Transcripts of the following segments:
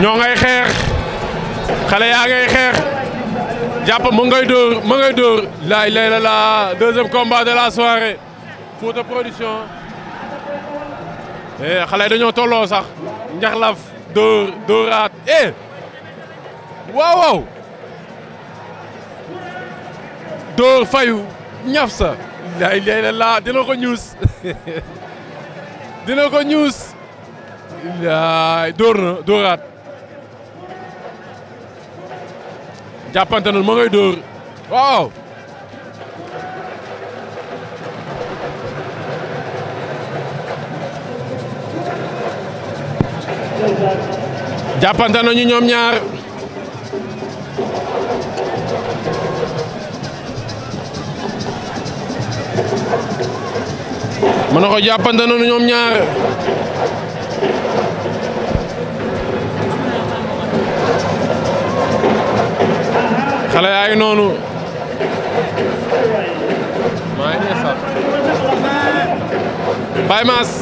ñoo ngay xeex xale yaa ngay xeex jàpp mu dóor mu dóor laay lay la la deuxième combat de la soirée Fouta Production eh, xale yi dañoo tolloo sax njaxlaf dóor dóoraat eh waaw waaw dóor fayu ñaf sa lay la la dina ko ñuus dina ko ñuus laay dóor na dóoraat jàppante na ma ngay dóor waaw. jàppante nañu ñoom ñaar mën na ko jàppante nañu ñoom ñaar xale yaa ngi noonu maa ngi sax Baye Mass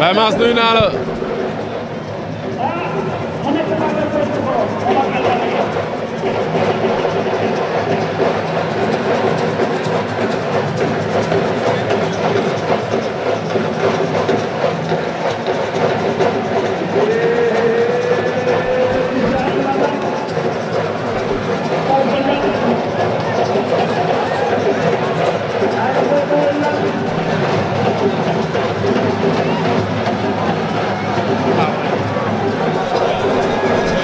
Baye Mass nuyu naa la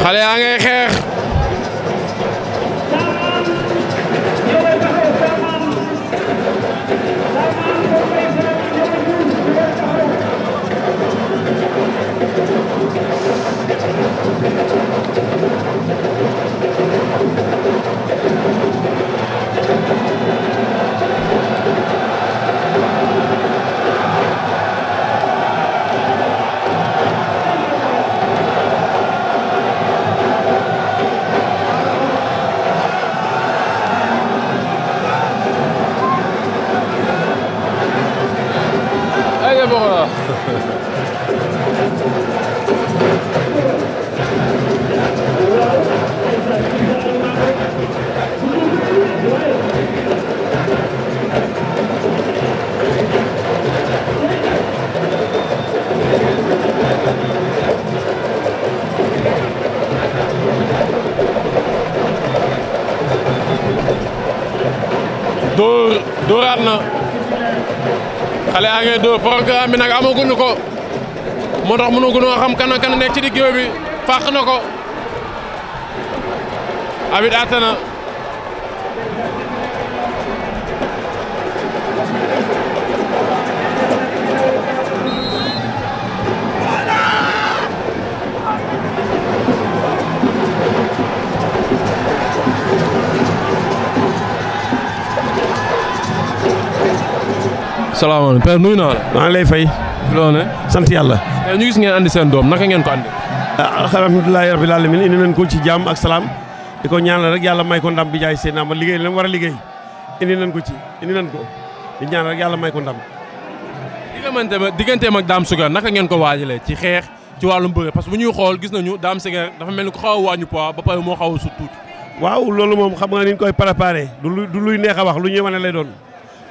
xale yaa ngay xeex yaa ngi dóor programme bi nag amaguñu ko moo tax mënaguñoo xam kan ak kan nekk ci digg bi fàq na ko abit àtte na salaamaaleykum père nuyu naa la. maa lay fay. loolu sant yàlla. ñu gis ngeen andi seen doom naka ngeen ko andi. Ah, alhamdulilahi rabbil alamin indi nañ ko ci jàmm ak salaam di ko ñaanal rek yàlla may ko ndam bi jaay seen naa ma liggéey la war a liggéey indi nañ ko ci indi nañ ko di ñaanal rek yàlla may ko ndam. digganteem ak daam Souguer naka ngeen ko waajale ci xeex ci wàllum bëre parce que bu ñuy xool gis nañu Dame Souguer dafa mel ni ku xaw a ba pare moo xaw waaw loolu moom xam nga ni ñu koy préparé du luy neex a wax lu ñuy wane lay doon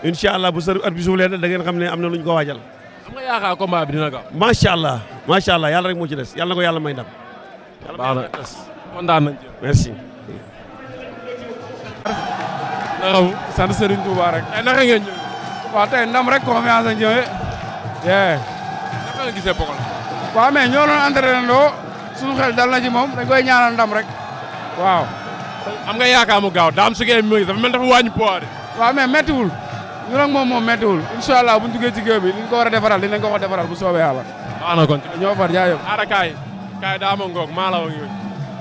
incha allah bu sër at bi suuf leen da ngeen ne am na lu ko waajal. am nga yaakaar combat allah macha allah yàlla rek moo ci des yàlla na ko yàlla may ndam. baax na kontaan nañ sant Serigne Touba rek. tey naka ndam rek confiance lañ ñëwee. naka nga gisee Pokola. waaw mais ñoo doon entraîné loo ci moom dañ koy ndam rek. waaw. am nga yaakaar mu gaaw daam su mi dafa mel dafa wàññi poids de. waaw mais méttiwul. ñu nag moom moom méttiwul incha allah bu ñu duggee ci géew bi li ñu ko a defaral dinañ bu soobee yàlla. baax na far jaayoo. aara kaay kaay daa ma ngoog maalaw ak yooyu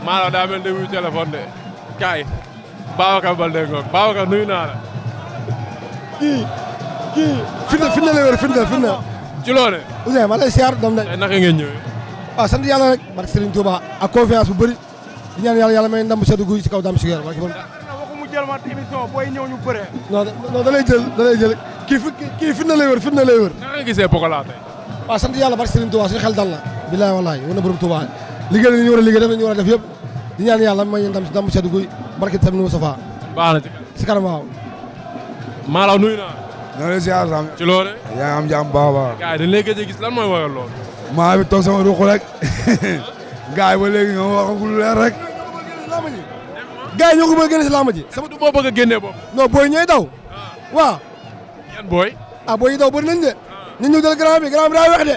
maalaw daa mel ne de kaay Babacar Balde ngoog Babacar nuyu naa kii kii firnde firnde la wér firnde firnde. ci loone Ousseyn doom de. naka ngeen ñëwee. waaw ah, sant yàlla rek. barke Serigne Touba ak bu bëri di ñaan yàlla yàlla may ndam bu sedd guy ci kaw jël ma émission booy ñëw ñu bëre. non lay jël kii fi kii fi na lay wër fi na lay wër. naka nga gisee Pokola tey. waaw sant yàlla barke Serigne Touba suñu xel dal na. bilaay walaay war na borom Touba liggéey li ñu a liggéey def nañu war a def yëpp di ñaan yàlla may ñu na ci kanam si kanam waaw. Malaw ci loolu. yaa ngi am jàmm baax a baax. gars yi a gis lan mooy waral loolu. maa bi toog sama ruq rek. gars yi ba léegi ñoom waxagul leer rek. gars yi ñoo ko bëgg a génne si làmb ji. sama du moo bëgg a génne booy ñooy daw. Ah. waaw. booy. ah booy yi daw bëri nañ de. ñu ñëw jël grand bi grand bi daa weex de.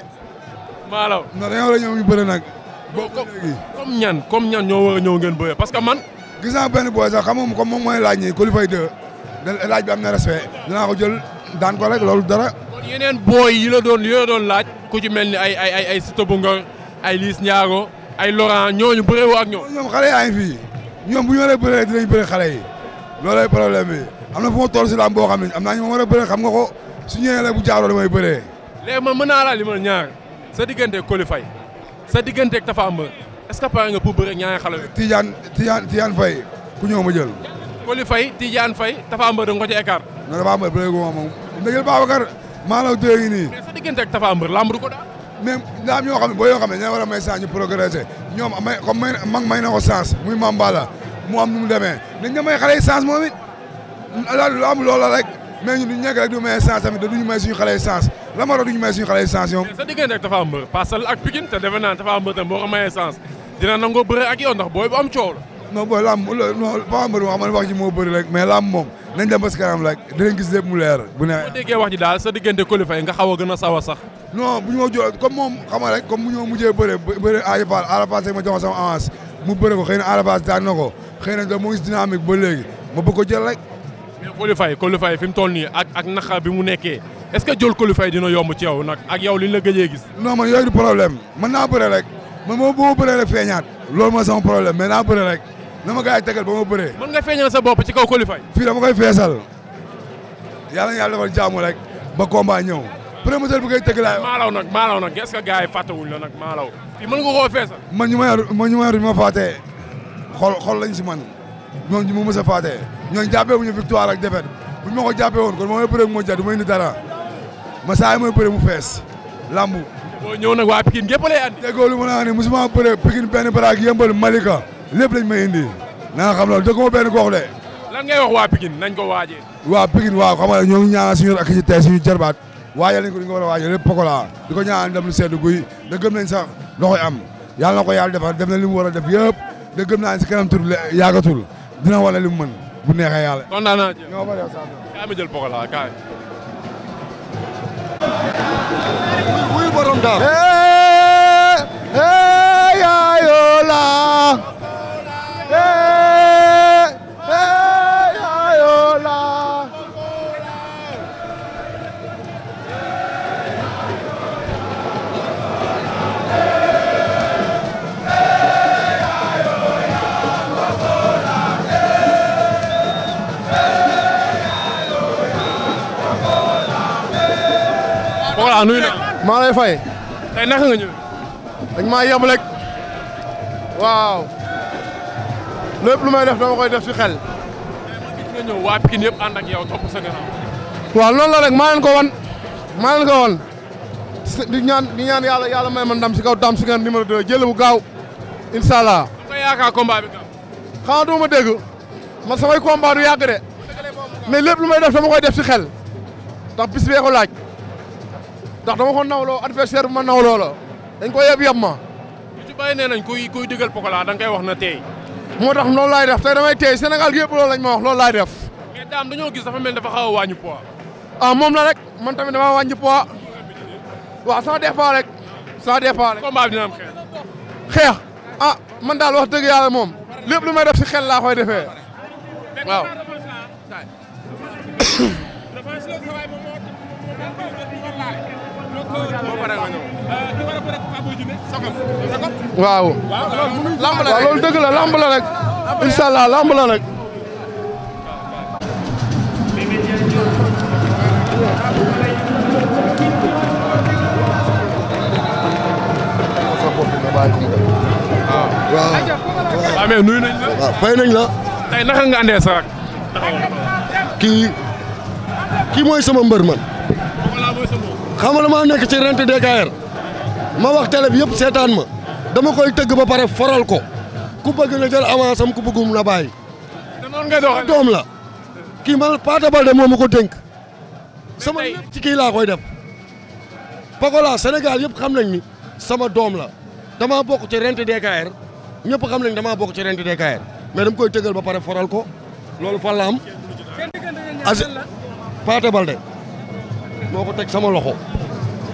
maalaw non dañoo war a ñëw ñu bëri nag. boobu comme ñan comme ñan ñoo war a ñëw ngeen bëri parce que man. gis naa benn booy sax xam ko comme moom mooy laaj ñi Coulibay 2 laaj bi am na respect dinaa ko jël daan ko rek loolu dara. kon yeneen booy yi la doon doon laaj ku ci mel ni ay ay ay ay Siteu bu ay Liss Ndiago ñooñu bëree ak ñoom. ñoom xale fii. ñoom bu ñu war a bëree dinañ bëri xale yi loolay problème bi am na fu ma toll si laam boo xam ne am naa ñu ma war a bëree xam nga ko su ñëwee rek bu jaaroo damay bëree. léegi man mën naa laa limal ñaar sa diggante Coly Faye sa diggante ak Tapha Mbeur est-ce que pare nga pour bëre ñaari xale yooyu. Tidiane Tidiane Tidiane ku ñëw ma jël. Coly Faye Tidiane Faye Tapha Mbeur da nga ko ci écart. non Tapha Mbeur bëree ma moom ndegel Babacar maa la dégg nii. mais diggante ak Tapha Mbeur lamb du ko daal. mais ñoo xam ne boo yoo xam ne ñoo a may chance ñu progresser ñoom may comme may mag may na ko chance muy mu am nu mu demee nañ nga may xale yi chance moom it lu am loola rek mais ñun duñ nekk rek du may chance tamit da duñu may suñu xale yi chance la ma duñu may suñu xale yi chance dina nangoo bëre ak yow booy bu am coow la non booy lamb non Tapha Mbeur moo xam ne wax ji moo bëri rek mais lamb moom nañ dem ba si kanam rek dinañ mu leer bu ne boo déggee wax ji daal sa diggante qualifié nga xaw a gën a sawa sax non bu ñu ma jo comme moom xam nga rek comme bu ñu ma mujjee bëre bëre Ada Fass Ada Fass ma xëy na moo mu ngi dynamique ba léegi ma bëgg ko rek. mais qualifié qualifié fi mu toll nii ak ak naxa bi mu nekkee est ce que jël qualifié dina yomb ci yow nag ak yow li ñu la gëjee gis. non man yooyu du problème mën naa bëre rek man moom bu ma bëree rek feeñaat loolu mooy sama problème mais naa bëre rek na ma gars yi tegal ba ma bëree. mën nga sa bopp ci kaw qualifié. fii dama koy feesal yàlla na yàlla jaamu rek ba combat ñëw. promoteur bi koy tëgg laay wax maalaw nag maalaw nag est ce que yi fàttewuñ la nag maalaw. fii mën man ñu ma xol xol lañ si man ñoom ñu mu mës a faatee ñooñu jàppee wuñu victoire ak défaite buñ ma ko jàppee woon kon moom mooy bëre moo du may indi dara ma mooy bëre mu fees lamb boo ñëw nag waa Pikine gépp lay andi déggoo lu ma naa ne musuma bëre Pikine benn baraak Malika lépp lañ may indi na nga xam loolu dëgguma benn gox de lan ngay waa Pikine nañ ko waajee waa Pikine waaw xam nga ñoo ngi ñaanal suñu rakk ci tey suñu jarbaat waajal nañ ko di nga war a waajal lépp pokola di ko ñaanal ndam lu sedd guy da gëm sax loxoy am yàlla ko yàlla defal def na li war a def yëpp da gëm naa si kanam tur bi yàggatul dina wala li mu bu neexee yàlla. kontaan naa ci Ba maa lay fay. tey naka nga ñëw. dañ maa yem rek. waaw. lépp lu may def dama koy def si xel. nga ñëw waa Pikine ak yow topp waaw loolu la rek maa leen ko wan. maa leen ko wan. di ñaan di ñaan yàlla yàlla may ma ndam si kaw Dame Sigane numéro 2 jël bu gaaw. incha allah. da nga yaakaar bi gaaw. xanaa du ma dégg man samay du yàgg de. mais lépp lu may def dama koy def si xel. ndax bis bee laaj. ndax dama ko nawloo adversaire bu ma nawloo la dañ ko yeb yeb ma. ñu ci bàyyi nee nañ kuy kuy digal Pokola da koy wax na tey. moo tax noonu laay def te damay tey Sénégal gi yëpp loolu lañ ma wax loolu laay def. mais daam dañoo gis dafa mel dafa xaw a wàññi poids. a ah, moom la rek man tamit dama wàññi poids waaw sans départ rek sans départ rek. combat bi dina am xeex. xeex ah man daal wax dëgg yàlla moom lépp lu may def si xel laa koy defee waaw. waaw. waaw loolu dëgg la lamb la rek. incha allah lamb la rek. waaw. waaw nañ fay nañ la. naka nga andee sa rak. kii mooy sama mbër xam ma maa nekk ci rent DKR ma wax télé bi yëpp seetaan ma dama koy tëgg ba pare foral ko ku bëgg na jël avance am ku bëggum na bàyyi. te noonu doom la. kii man Pathé Baldé moo ma ko dénk. sama lépp kii laa koy def. Pogola Sénégal yëpp xam nañ ni sama doom la damaa bokk ci rent DKR ñëpp xam nañ damaa bokk ci rent DKR mais dama koy tëggal ba pare foral ko loolu fan la am. Pathé Baldé. moo ko teg sama loxo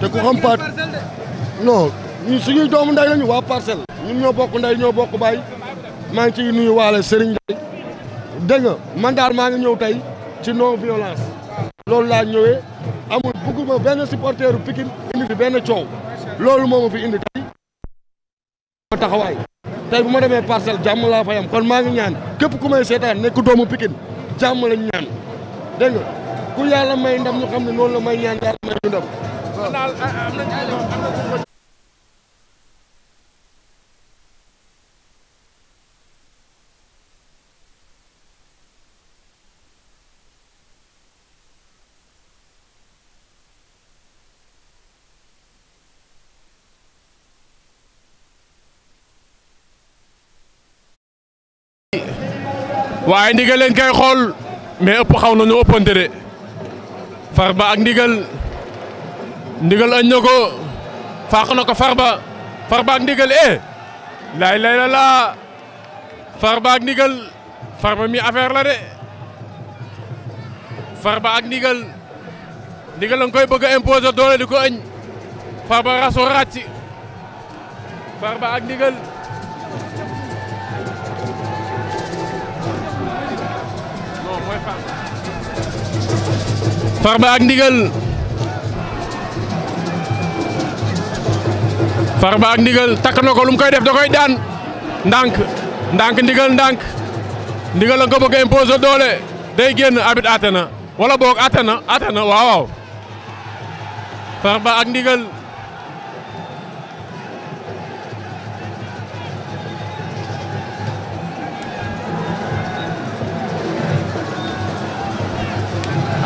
te ku xam paat no ñun suñuy doomu nday lañu waa parcelle ñun ñoo bokk nday ñoo bokk baay maa ngi ciy nuyu waalo sëriñ Ndiaye dégg man daal maa ngi ñëw tey ci non violence loolu laa ñëwee amul bugguma benn supporteru Pikine indi fi benn coow loolu moo ma fi indi tey ma taxawaay tey bu ma demee parcelle jàmm laa fay am kon maa ngi ñaan képp ku may seetaan nekk doomu pikin jàmm lañu ñaan dégg ku yàlla may ndam ñu xam ne noonu leen kay xool mais ëpp xaw nañu ëppante de Farba ak ndigal ndigal añ na ko faax na ko Farba Farba ak ndigal eh laay lay la laa Farba ak ndigal Farba mi affaire la de Farba ak ndigal ndigal la nga koy bëgg a imposer doole di ko añ Farba raso ràcc Farba ak ndigal. Farba ak ndigal Farba ak ndigal takk na ko lum koy def da koy daan ndànk ndànk ndigal ndànk ndigal la nga bëgg a doole day génn abit àtte na wala boog àtte na àtte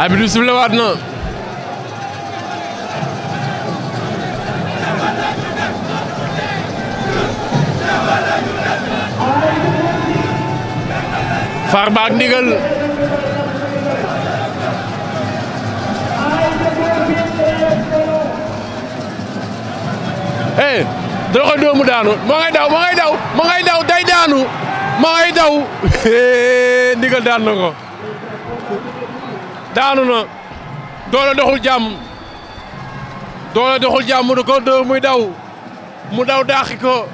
arbitre bi sifflé waat na Farba ak Ndigal eh da koy doomu daanu moo ngay daw moo ngay daw day daanu moo ngay daw eh, Ndigal daan na ko daanu na doole doxul jàmm doole doxul jàmm mu ko dóor muy daw mu daw daaxi ko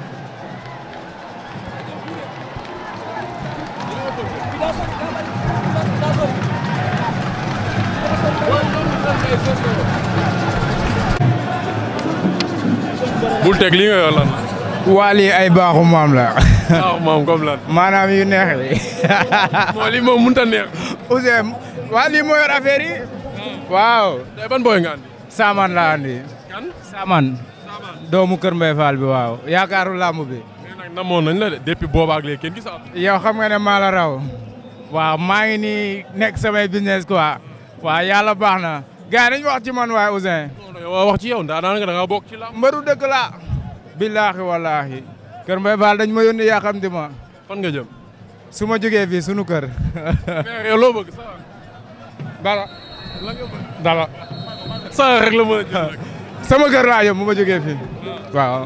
bul teg li nga ay baaxu la. maanaam yu neex yi. non lii neex. Ousseyn. waaw lii moo yor affaire yi. waaw. tey ban booy nga andi. Saaman laa andi. Saaman. doomu Kër Mbaye Fall bi waaw yaakaaru làmb bi. mais nag namoon nañ la de depuis boobaag léegi kenn gis yow xam ne maa la raw. waaw maa ngi nii nekk samay business quoi. waa yàlla baax na. gars yi dañu wax ci man waaye Ouzin. non wax ci yow da nga bokk ci la. mbaru dëkk laa. billaahi walaahi. Kër Mbaye Fall dañ ma yónni yaa xam ma. fan nga jëm. su ma jógee sunu kër. dara. dara. sa rek la mën a sama kër laa ma jógee fii. waaw.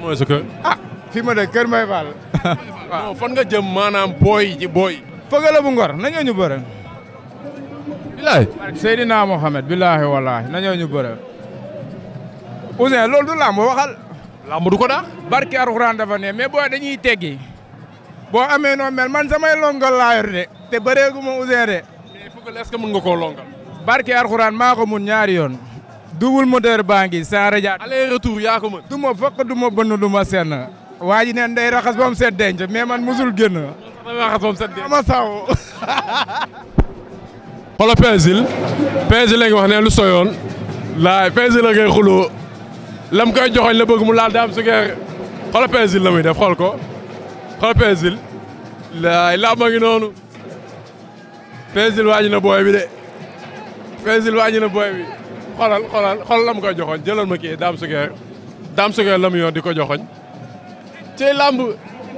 mooy sa kër. ah fi ma dëkk kër Mbaye waaw fan nga jëm maanaam booy ji booy. fëgale bu ngor nañoo ñu bëre. bilaay. Seydina Mohamed bilaay walaay nañoo ñu bëre. Ousseyn loolu du làmb waxal. làmb du ko daa. barki Alxuraan dafa ne mais booy dañuy teggi. boo amee noo mel man samay longal laa de. te bëreegu ma Ousseyn de. appel est-ce nga koo longal. barke Arxuraan maa ko mun ñaari yoon. double moteur baa ngi sans radiateur. aller retour yaa ko mën. du ma fokk du ma bënn du ma senn. waa ji neen day raxas ba mais man musul génn. damay raxas ba mu set denc ama saw. xoolal Pésil Pésil lañ wax ne lu soyoon laay Pésil la ngay xuloo lam koy joxoñ la bëgg mu laal daam su ngeen xoolal Pésil la def xool ko xoolal laay laa ngi noonu. Faisil wàññi na booy bi de Faisil wàññi na booy bi xoolal xoolal xoolal la mu koy joxoon jëlal ma kii daam sugeer daam la mu yoon di ko joxoñ ci làmb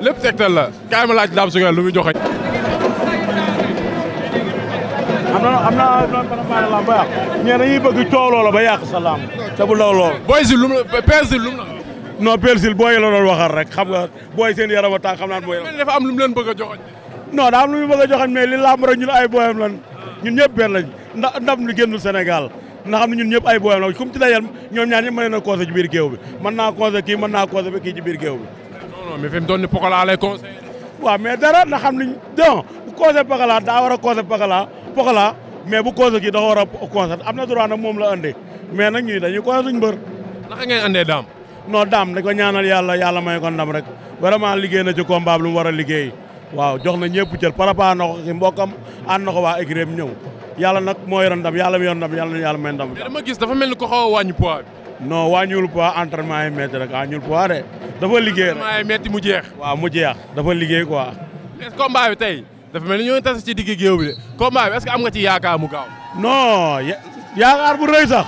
lépp tegtal la kaay ma laaj daam sugeer lu muy joxoñ am na am na préparé làmb ba yàq ñee dañuy bëgg coow loola ba yàq sa làmb law lool booy si lum Faisil lum la non Faisil booy la doon waxal rek xam nga booy seen yaram a tàng xam naa booy dafa am lu mu leen bëgg a joxoñ non daa am lu muy bëgg a joxoon mais li làmb rek ñun ay booyam lan ñun ñëpp benn lañ ndax ndam li génnul Sénégal nga xam ne ñun ñëpp ay booyam la ci dajal ñoom ñaar ñëpp mën na conseil ci biir géew bi mën naa conseil kii mën naa conseil ba kii ci biir bi non non mais fi mu doon ni Pokola lay conseil waaw mais dara na xam ni don bu conseil daa war a conseil Pokola Pokola mais bu conseil kii dafa war a conseil am na droit nag moom la ande mais na ñuy dañuy conseil suñu mbër naka ngeen andee daam non daam dañ ko ñaanal yàlla yàlla may ko ndam rek vraiment liggéey na ci combat lu war a liggéey waaw jox na ñëpp cër parapa na ko ci mbokkam ànd na ko waa écurie ñëw yàlla nag moo yoroon ndam yàlla mi yoroon ndam yàlla yàlla may ndam. mais dama gis dafa mel ni ko xaw a wàññi poids bi. non wàññiwul poids entraînement yi métti rek wàññiwul poids de. dafa liggéey rek entraînement mu jeex. waaw mu jeex dafa liggéey ko est-ce que bi tey dafa mel ni ñoo tase ci digg géew bi de combat bi est am nga ci yaakaar mu gaaw. noo yaakaar bu rëy sax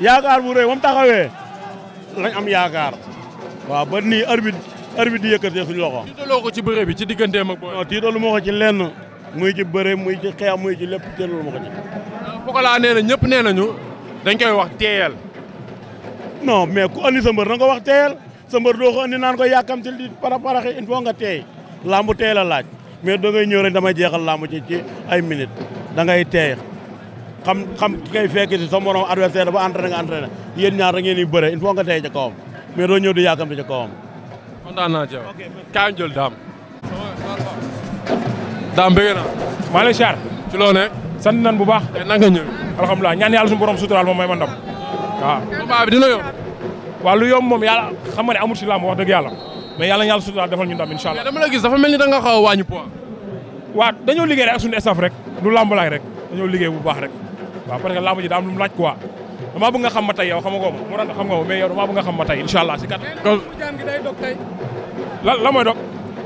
yaakaar bu rëy moom taxawee lañ am yaakaar waaw ba nii arbitre di yëkkatee suñu loxo. tiitaloo ko ci bëre bi ci digganteem ak booy. non tiitalu ma ko ci lenn muy ci muy ci xeex muy ci lépp tiitalu ko ci. Pokola ah, nee na ñëpp nee nañu dañ koy wax teeyal. non mais ku andi sa mbër na ko wax teeyal sa mbër doo ko andi naan ko yàkkamti di para paraxi in faut nga teey lamb teey la laaj mais dangay ñëw rek damay jeexal lamb ci ci ay minutes dangay teey xam xam ki ngay fekk si sa morom adversaire ba entraîné nga entraîné yéen ñaar ngeen di bëre il faut nga teey ca kawam mais doo ñëw di yàkkamti ca kawam. kontaan naa ci yow. kaay jël daam. daam bëgg naa. maa ngi lay ci loo ne. sant nañ bu baax. tey eh, nan nga ñëw. alhamdulilah ñaan yàlla suñu borom suturaal moom may ma ndam. waaw. combat bi lu yomb moom yàlla xam nga ne amul ci làmb wax dëgg yàlla. mais yàlla yàlla suturaal defal ñu ndam incha allah. la gis dafa mel ni da nga xaw a wàññi poids. waaw dañoo liggéey rek ak suñu rek. lu làmb rek dañoo liggéey bu baax rek. waaw parce que làmb ji daa laaj quoi damaa bëgg nga xam ma tey yow xam nga ko mu ran xam nga ko mais yow damaa xam ma tey incha allah si kat jaan gi day dog tey la la mooy dog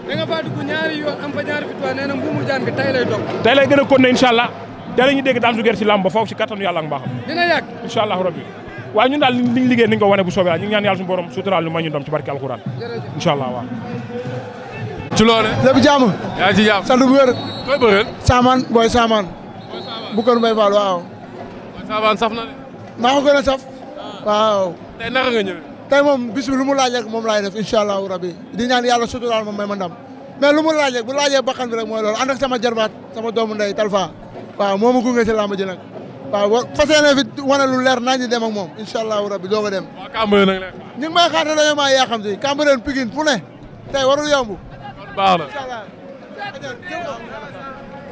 da nga faa dugg ñaari yoon am fa ñaari victoire nee mbuumu jaan gi tey lay dog tey lay gën a continuer incha allah tey la ñuy dégg daam su si làmb ba si kattanu yàlla ak mbaaxam dina yàgg incha allah rabbi waaye ñun daal liñ liggéey nañ ko wane bu soobee ñu ngi ñaan yàlla suñu borom sutural ñu may ñu barke alxuraan maa ko gën a saf ah. waaw. tey naka nga ñëw. tey moom bis bi lu mu laaj rek moom laay def incha allahu rabi di ñaan yàlla suturaal ma may ma ndam mais lu mu laaj rek bu laajee bakkan bi rek moo loolu ànd ak sama jarbaat sama doomu ndey Talfa waaw moo ma gunge si làmb ji nag waaw wa fas yéene fi wane lu leer naa ñu dem ak moom incha allahu rabi doo ko dem. waaw Cambérène nag lay ñu ngi may xaar te dañoo maa yaaxam si Cambérène Pikine fu ne tey warul yomb. baax na incha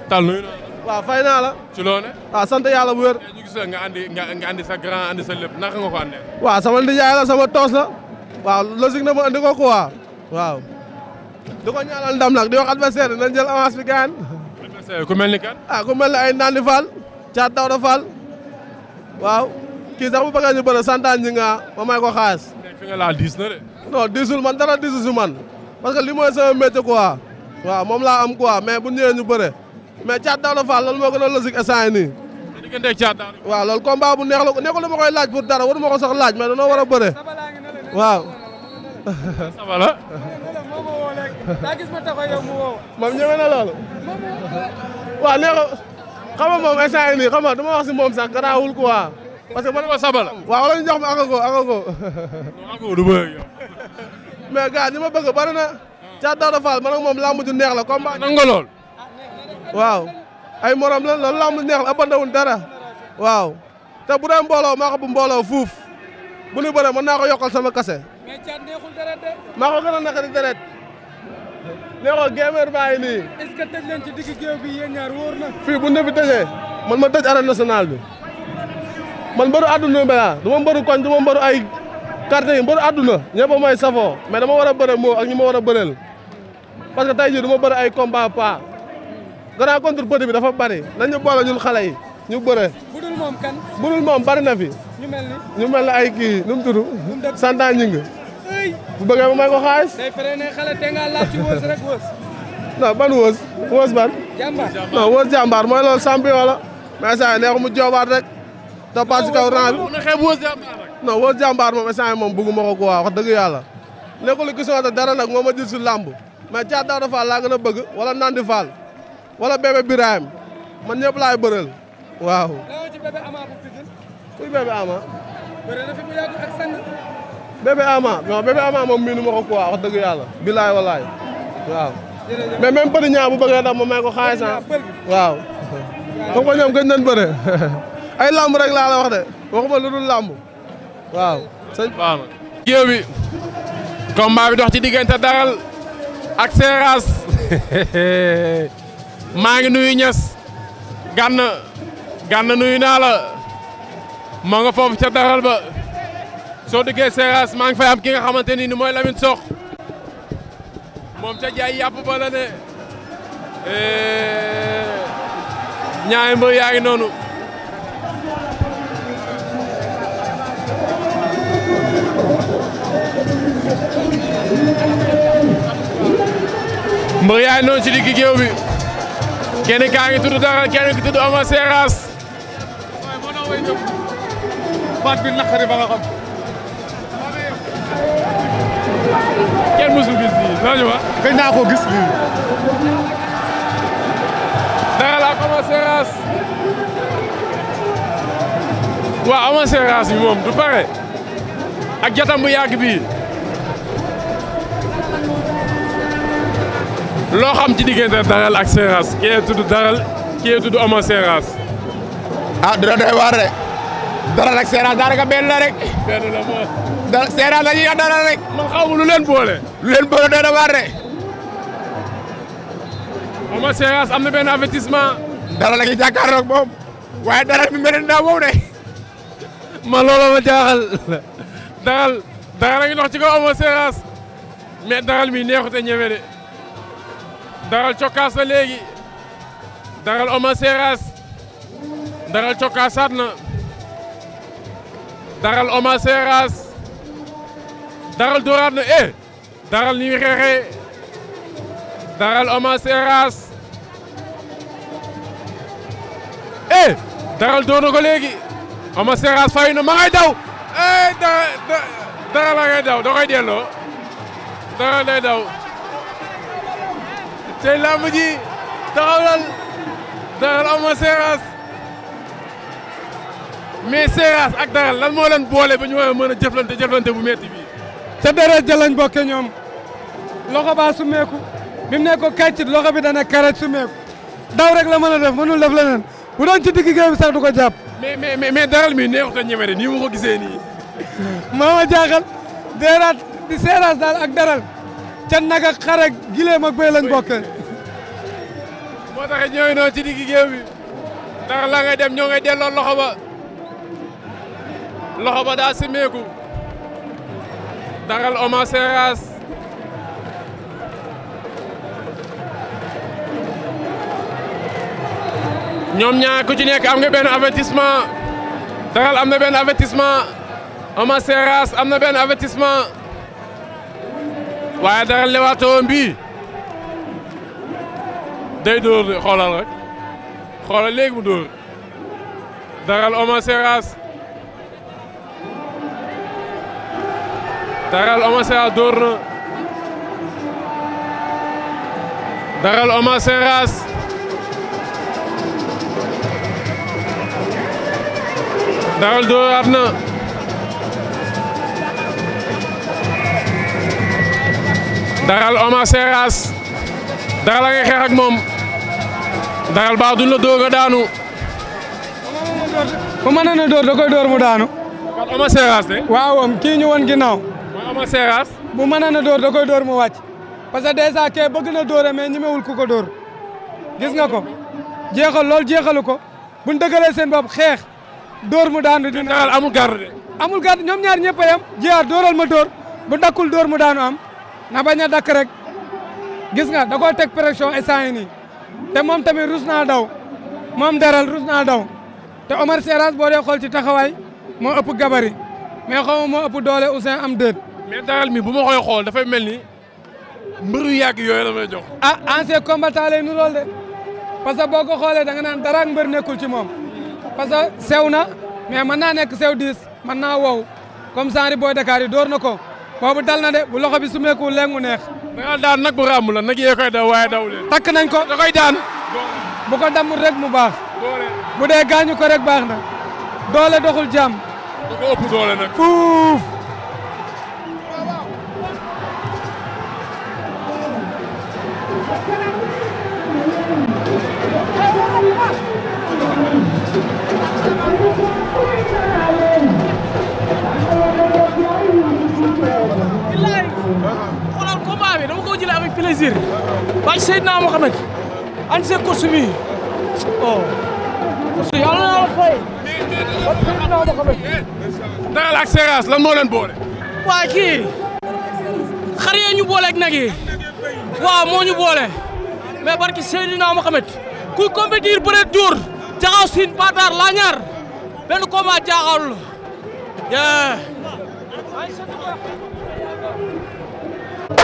tal nuyu waaw fay naa la. ci loone waaw ah, sant yàlla bu wér. Eh, ñu gis nga andi nga andi sa grand andi sa lépp naka nga ko andee. waaw sama nijaay la sama toos la. waaw na ma andi ko quoi waaw. di ko ñaanal ndam nag di wax adversaire nañ jël avance bi gaan. ku mel ni kan. Ah, ku mel ni ay Nandi Fall. Thiat Daouda Fall. waaw kii sax bu bëggee ñu santaan ñi ma may ko xaas. fi diisul man dara diisul si man parce que li mooy sama métier quoi. waaw moom laa am quoi mais bu ñëwee bëre. mais Thiat Daouda Fall loolu moo gën a logique instant yii nii. te digganteeg Thiat Daouda. waaw bu neex la nekkul ma koy dara waruma ko sax laaj mais dañoo war a bëre waaw. saba la. daa gis ma taxaw yow mu woo. moom ñeme na xam nga moom moom sax garaawul que ma saba la. waaw wala ñu jox ma Agogo Agogo. Agogo du bëgg yow. mais ma bëgg bari na. Thiat Daouda Fall man ak moom làmb ju neex la combat. nangu lool. waaw ay morom la loolu lamb neex la abandawun dara waaw te bu dee mbooloo maa ko bu mbooloo fuuf bu ñu bëree mën naa ko yokkal sama kase. mais caat neexul deret de. maa gën a naka di deret neexul géemeer baa ngi nii. est tëj leen ci digg géew bi yéen wóor na. fii bu ñu fi tëjee man ma tëj arène nationale bi man mbëru àdduna bi laa du ma mbëru koñ du ma mbëru ay quartier yi mbëru àdduna ñëpp mooy safoo mais dama war a bëre moo ak ñi ma war a bëreel parce que tey jii ay combat grand contre petit bi dafa bari nañu boole ñun xale yi ñu bëre. budul moom kan. budul moom bari na fi. ñu mel ni ñu mel ni ñing bu bëggee ma may ko xaalis. day freiné xale te nga ban wës wës ban. jàmbaar non wës jàmbaar mooy loolu champion la. mais saa mu joobaat rek. toppaat si kaw rang bi non wës jàmbaar moom saa moom bëgguma ko quoi wax dëgg yàlla. nekkul question de dara nag moo ma jël si làmb mais a bëgg wala naan di faal. wala bébé Birahim man ñëpp laay bëreel waaw. ci bébé Ama bu Ama. bëri miinu ma ko quoi wax dëgg bilaay walaay waaw. mais même Petit Niang bu bëggee daf ma may ko xaalis ah. waaw. comme que ñoom gëj nañ bëre ay lamb rek laa la wax de lu dul lamb waaw. sëñ baax na. géew bi bi dox ci diggante daral ak Seras. maa ngi nuyu ñes gànn gànn nuyu naala la nga foofu ca daral ba soo dikkee Seras maa ngi fay ki nga xamante ni ni mooy Lamine Sox moom ca jaay yàpp ba la ne eh, ñaari yaa ngi noonu mbër yaa ngi noonu ci digg géew bi kenn kaa ngi tudd dara kenn ki tudd Ama Seras. baat bi naqari ba xam. kenn mësul gis lii loo naa ko gis lii. dara la ak Ama Seras. waaw Ama Seras bi moom ak jatam bu yàgg bii. loo xam ci diggante daral ak Seras kii yee tudd daral kii yee tudd Ama Seras. ah dina doy waar daral ak Seras daanaka benn la rek. benn la moo. da Seras daral rek. man xamu lu leen boole. lu leen boole doy na waar de. Ama Seras am na benn avertissement. daral la ñuy jàkkaarloog moom. waaye daral mi mel ni daaw moom ma looloo ma jaaxal. daral daral a ngi dox ci kaw Ama Seras mais daral mi neexut a de. daral cokkaas na léegi daral Oma Seras daral cokkaasaat na daral Oma Seras daral dooraat na eh daral ni muy daral Oma Seras eh daral doon na ko léegi Oma Seras fay na ma ngay daw eh daral la ngay daw da koy delloo daral day daw. cey làmb ji taxawlal daral ama seeraas mais seeraas ak daral lan moo leen boole ba ñu war a mën a bu metti bi ca deret ja lañ bokke ñoom loxo baa su meeku bi mu ne bi dana karaj su meeku daw rek la mën a def mënul def leneen bu doon ci digg géew bi sax du ko jàpp mais mais mais daral mi neexu ta ñeme de nii mu ko gisee nii ma jaaxal deraat di seeraas daal ak daral ca nag ak xar ak gileem ak lañ bokk. tax ñooy noonu ci digg géew bi ndax la ngay dem ñoo ngay delloo loxo ba loxo ba daa simeeku daral Oma Seras ñoom ñaar ku ci nekk am nga benn avertissement daral am na benn avertissement Oma Seras am na benn avertissement waaye dara lewaatoom bii day dóor de xoolal rek xoolal léegi mu dóor daral Omar Seras daral Omar Seras dóor na daral Omar Seras daral dóoraat na daral Oma Seras daral a ngay xeex ak moom daral baax duñ la dóor nga daanu. ku mënoon a da koy door mu daanu. kon Oma Seras de. waaw woon ginnaaw. waaw Oma Seras. bu mënoon door da koy door mu wàcc. parce que dèjà kee bëgg na dóore mais ñemewul ku ko dóor. gis nga ko jeexal loolu jeexalu ko buñ dëggalee seen bopp xeex dóor mu daanu. dina daral amul garde. amul garde ñoom ñaar ñëpp a jiyaar dóoral ma dóor bu dakkul dóor mu daanu am. na bañ a dakk rek gis nga da koo teg pression instant yii nii te moom tamit rus naa daw moom deral rus naa daw te Omar Seras boo dee xool ci taxawaay moo ëpp gabari mais xaw ma moo ëpp doole Ousseyn am déet. mais daral mi bu ma koy xool dafay mel ni mbëru yàgg yooyu la may jox. ah ancien combattant lay nu lool de parce boo ko xoolee da nga naan dara ak mbër nekkul ci moom parce que sew na mais mën naa nekk sew diis mën naa wow comme genre boo Dakar yi door na ko. boobu dal na de bu loxo bi su meeku lengu neex. da nga daan na bu ràmm la nag yee koy daw waaye daw leen. takk nañ ko da koy daan. bu ko dammul rek mu baax. bu dee gaañu ko rek baax na. doole doxul jàmm. da doole nag. fuuf. xoolal combat bi dama ko jëlee avec plaisir. waa Seydina Mohamed. ànd see course bi. oh. course na la fay. waa Seydina ak Seras lan moo leen boole. waa kii. xar yee ñu booleeg nag yi. waaw moo ñu boole. mais barki Seydina Mohamed. kuy compétir bëre dóor. jaxaw siin pataar laa ñaar. benn combat jaaxal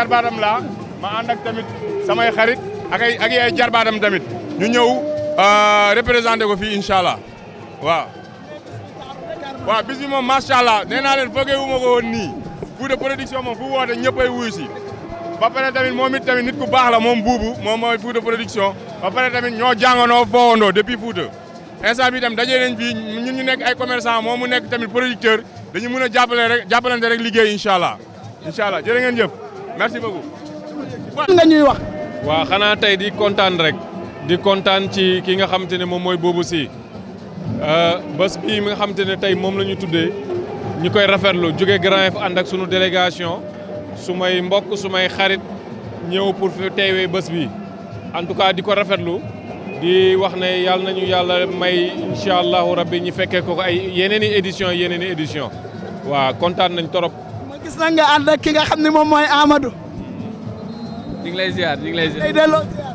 jarbaatam laa ma ànd ak tamit samay xarit ak ay ak ay jarbaatam tamit ñu ñëw euh, représenté ko fii incha allah waaw. waaw bi moom macha allah nee naa leen foogee wu ma ko woon nii bout si. ba pare moom it tamit nit ku baax la moom buubu moom mooy Fouta production ba pare tamit ñoo jànganoo foowandoo depuis Fouta instant bi tam dajee nañ fii ñu nekk ay commerçant moom mu nekk tamit producteur dañu mën jàppale rek jàppalante liggéey incha allah incha allah jërë ngeen jëf merci beaucoup. nga ñuy wax. waaw xanaa tey di kontaan rek. di kontaan ci ki nga xam ne moom mooy boobu si euh, bés bii mi nga xam ne tey moom la ñu tuddee ñu koy rafetlu jóge Grand Yoff ànd ak sunu délégation su may mbokk su may xarit ñëw pour fi teewee bés bi en tout cas di ko rafetlu di wax ne yàlla nañu yàlla may incha allahu rabbi ñi fekkee ko ay yeneen i édition yeneen i édition waaw kontaan nañ torop gis na nga ànd ak ki nga xam ne moom mooy Amadou. ñu lay ziar ñu ngi lay ziar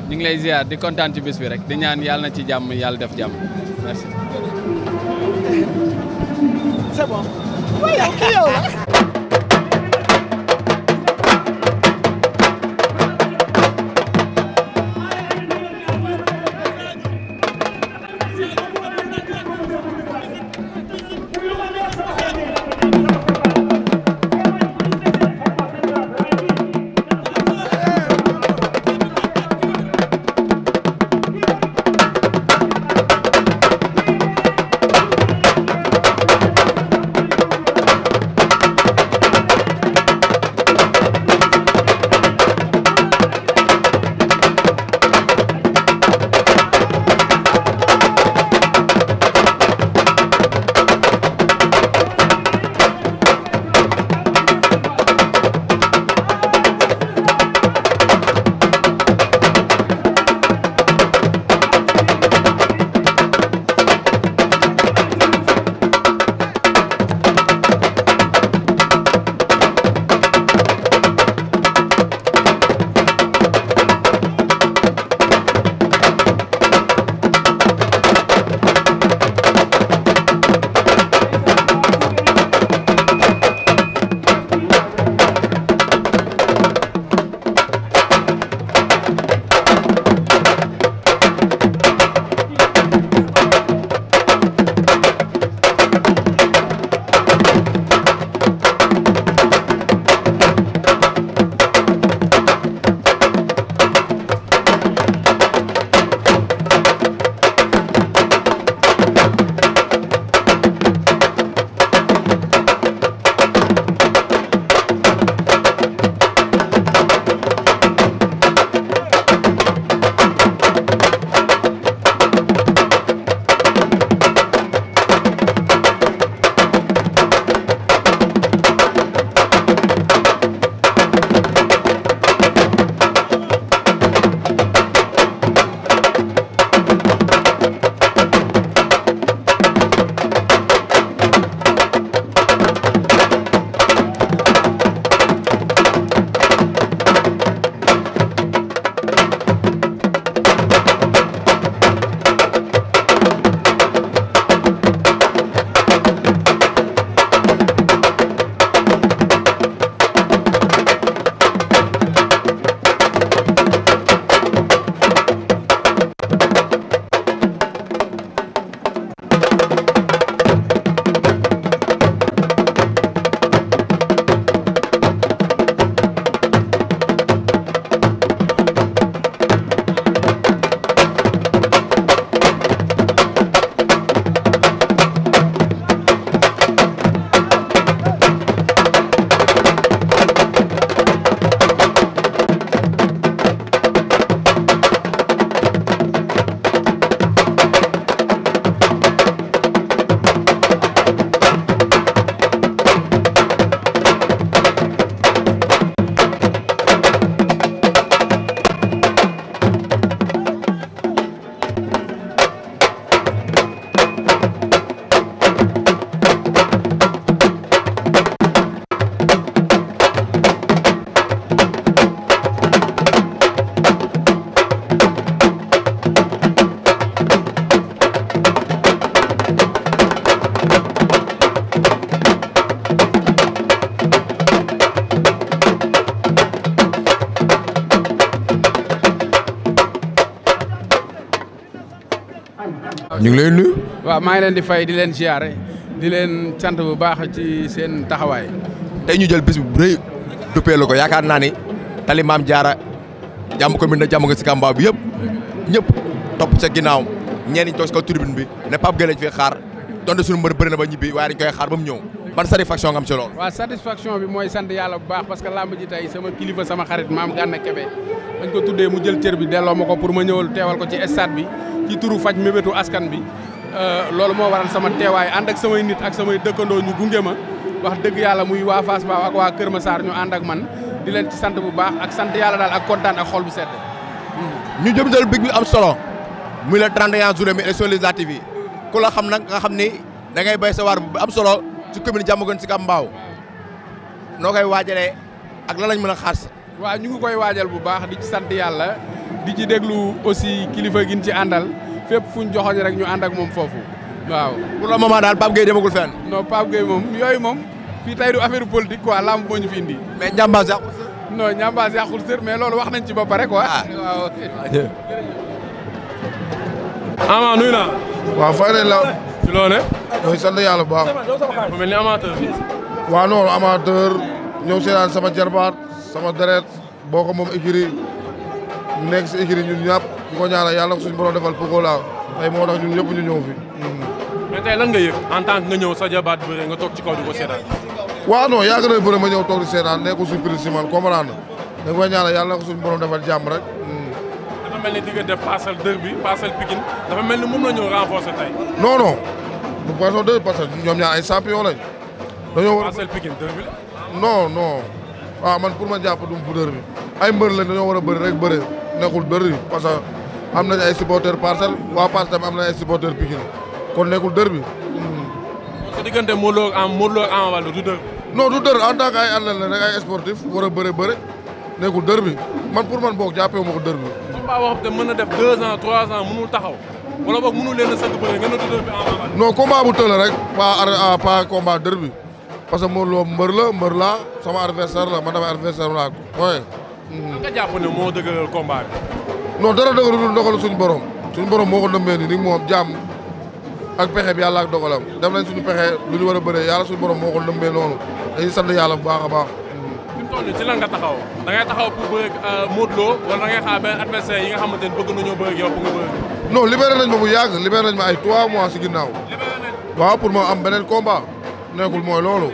ñu ngi lay di kontaan ci bis bi rek di ñaan yàlla na ci jàmm yàlla def jàmm merci. c'est bon. waaw maa ngi leen di fay di leen ziare di leen sant bu baax ci seen taxawaay. tey ñu jël bis bu rëy duppee la ko yaakaar naa ni tali maam jaara jàmm ko mën na jàmm ko si kàmbaaw bi yëpp ñëpp topp sa ginnaaw ñeen ñi toog si kaw tribune bi ne Pape Gueye fi xaar donte suñu mbër bëri na ba ñibbi waaye dañ koy xaar ba mu ñëw ban satisfaction nga am ci lool waaw satisfaction bi mooy sant yàlla bu baax parce que làmb ji tey sama kilifa sama xarit maam Gana Kebe dañ ko tuddee mu jël cër bi delloo ma ko pour ma ñëwal teewal ko ci stade bi ci turu faj mébétu askan bi Euh, loolu moo waral sama teewaay ànd ak samay nit ak samay dëkkandoo ñu gunge ma wax dëgg yàlla muy waa Fass Mbao ak waa Kër saar ñu ànd ak man di leen ci sant bu baax ak sant yàlla daal ak kontaan ak xool bu sedd. ñu jëm dal big bi am solo muy le 31 juillet mi élection législative yi ku la xam na nga xam ni dangay bay béy sa waar bu am solo ci commune Diamaguène Sicap Mbao noo koy waajale ak lan lañ mën a xaar waa ñu ngi koy waajal bu baax di ci sant yàlla di ci déglu aussi kilifa gi ci àndal. fépp fuñ joxoñ rek ñu ànd ak moom foofu waaw. pour le moment daal Pape Gueye demagul fenn. non Pape Gueye moom yooyu moom fii tey du affaire politique quoi lamb moo ñu fi indi. mais njàmbaas yàqul sër. non mais loolu wax nañ ci bapare pare quoi. Ah. waaw Ama fay nañ la. loone ñooy sant yàlla bu baax. waa mel ni amateur bi. sama jarbaat sama deret boo ko moom écurie nekk si écurie ñun ñàpp di ko ñaanal yàlla ko suñu borom defal Pokola tey moo tax ñun ñëpp ñu ñëw fi. mais tey lan nga yëg en nga ñëw sa jabaat bëre nga toog ci kaw di ko seetaan. waaw non yàgg na bëre ma ñëw toog di seetaan nekkul surprise si man comprendre nga dañ koy ñaanal yàlla ko suñu borom defal jàmm rek. dafa mel ni diggante Parcelles Derby Parcelles Pikine dafa mel ni moom la ñëw renforcer tey. non non du Parcelles Derby parce que ñoom ñaar ay dañoo war a Parcelles Pikine Derby la. non ah, man pour ma jàpp du mu bu ay mbër lañ dañoo war a bëri rek bëre nekkul dër bi parce que am nañ ay supporters Parcelles waa Parcelles tamit am nañ ay supporters Pikine kon nekkul dër bi. sa diggante Modou Lo ak Modou Lo ak Ama Baldé du dër. non du dër en tant que ay athlètes la rek ay sportif war a bëre bëre nekkul dër bi man pour man boog jàppee wu ma ko dër bi. combat boo xam te mën na def deux ans trois ans mënul taxaw wala boog mënul leen a sant bëre nga nëkk dër bi Ama Baldé. non combat bu tëla rek pas ah, pas combat dër bi parce que Modou Lo mbër la mbër laa sama adversaire la man damay adversaire laa ko nan nga jàpp ne moo dëgëral combat bi. non dara dëgëral suñu borom suñu borom moo ko dëmbee ni moom jàmm ak pexe bi yàlla ak dogalam def nañ suñu pexe lu ñu war a bëree yàlla suñu borom moo ko dëmbee noonu dañuy sant yàlla bu baax a baax. toll ci lan nga taxaw da ngay bëre euh, Modou Lo wala da ngay yi nga xamante ne bëgg nañoo bëre yow pour nga bëre non libéré nañ ma bu yàgg libéré nañ ma ay trois mois si ginnaaw waaw pour ma am beneen combat nekkul mooy loolu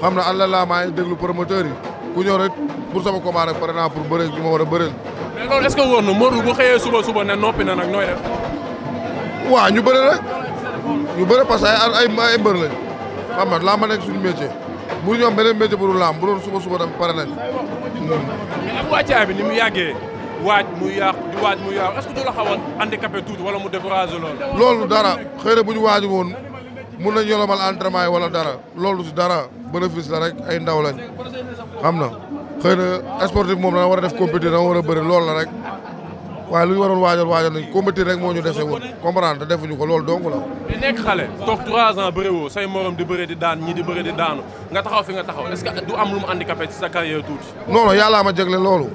xam na àlla laa maay déglu promoteur yi ku pour sama combat rek pare naa pour bëre bi war a bëreel. mais loolu est ce que wóor na Modou bu xëyee suba suba ne noppi na nag nooy waaw ñu bëre rek ñu bëre parce que ay ay ay mbër lañ xam nga laa ma nekk suñu métier bu ñu am beneen métier bu dul laam bu doon suba suba tamit pare nañ. mais ak wàccaay bi ni mu yàggee waaj mu yàqu di waaj mu yàqu est ce du la xaw a handicapé wala mu découragé loolu. loolu dara xëy na bu ñu waajul woon mun nañ yolomal entraînement yi wala dara loolu dara bénéfice la rek ay ndaw lañ xëy na sportif moom dana war a def compétir dana war a bëri loolu la rek waaye lu ñu waroon waajal waajal nañ compétir rek moo ñu dese woon comprendre def defuñu ko loolu dong la. mais nekk xale toog 3 ans bëri woo morom di bëri di daan ñi di bëri di daanu nga taxaw fi nga taxaw est-ce que du am lu mu handicapé ci sa carrière tuuti. non non yàllaa loolu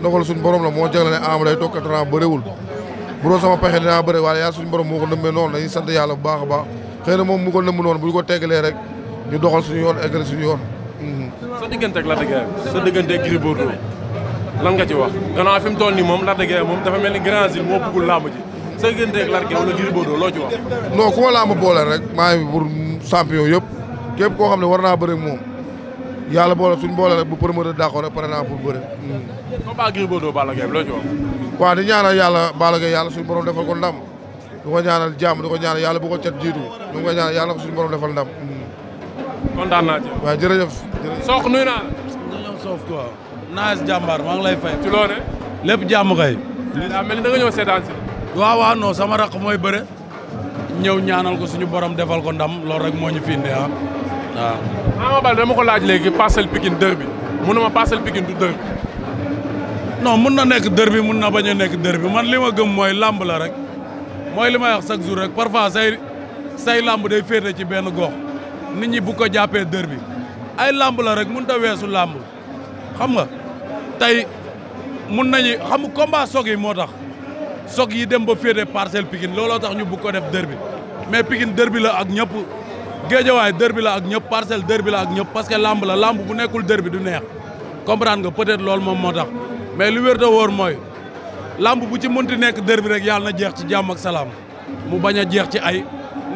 ndogal suñu borom la moo jagle ne am day toog 4 ans bëriwul bu sama pexe dinaa bëri waaye yàlla suñu borom bu baax a baax xëy na moom bu ñu ko teggalee rek ñu yoon eggal suñu yoon sa diggante ak Lac de Guiers sa diggante ak Gris Bordeaux lan nga ci wax gannaaw fi mu toll nii moom Lac de moom dafa mel ni grand zil moo bëggul làmb ji sa diggante ak Lac de Guiers wala Gris loo ci wax. non ku ma làmb boole rek maa ngi pour champion yëpp képp koo xam ne war naa bëri moom yàlla boole suñ boole rek bu promoteur d'accord rek pare naa pour bëri. Mm-hmm. combat Gris Bordeaux Balla Gaye loo ci wax. waaw di ñaanal yàlla Balla Gaye yàlla suñu borom defal ko ko ñaanal jàmm du ko ñaanal yàlla bu ko cat jiitu ñu ngi yàlla ko suñu borom defal kontaan naa ci. waaw jërëjëf. jërëjëf Sokh nuyu naa la. ñoom Sokh jàmbaar maa ngi lay fay. ci loone lépp jàmm kay. daa mel ni da nga ñëw seetaan si. waaw waaw non rakk mooy bëre. ñëw ñaanal ko suñu borom defal ko ndam loolu rek moo ñu fi indi ah waaw. Ama Baldé dama ko laaj léegi parcel Pikine derby mun ma Parcelles Pikine du derby. non mun na nekk derby mun na bañ a nekk derby man li ma gëm mooy làmb la rek mooy li may wax chaque jour rek parfois say say làmb day féete ci benn gox. nit ñi bu ko jàppee dër bi ay làmb la rek mun ta weesu làmb xam nga tey mun nañu xam combat sog moo tax sog yi dem ba féete parcelle Pikine looloo tax ñu bu ko def dër bi mais Pikine dër bi la ak ñëpp géejawaay dër bi la ak ñëpp parcelle dër bi la ak ñëpp parce que làmb la làmb bu nekkul dër bi du neex comprendre nga peut-être loolu moom moo tax mais lu wér da wóor mooy làmb bu ci mënti nekk dër bi rek yàlla na jeex ci jàmm ak salaam mu bañ a jeex ci ay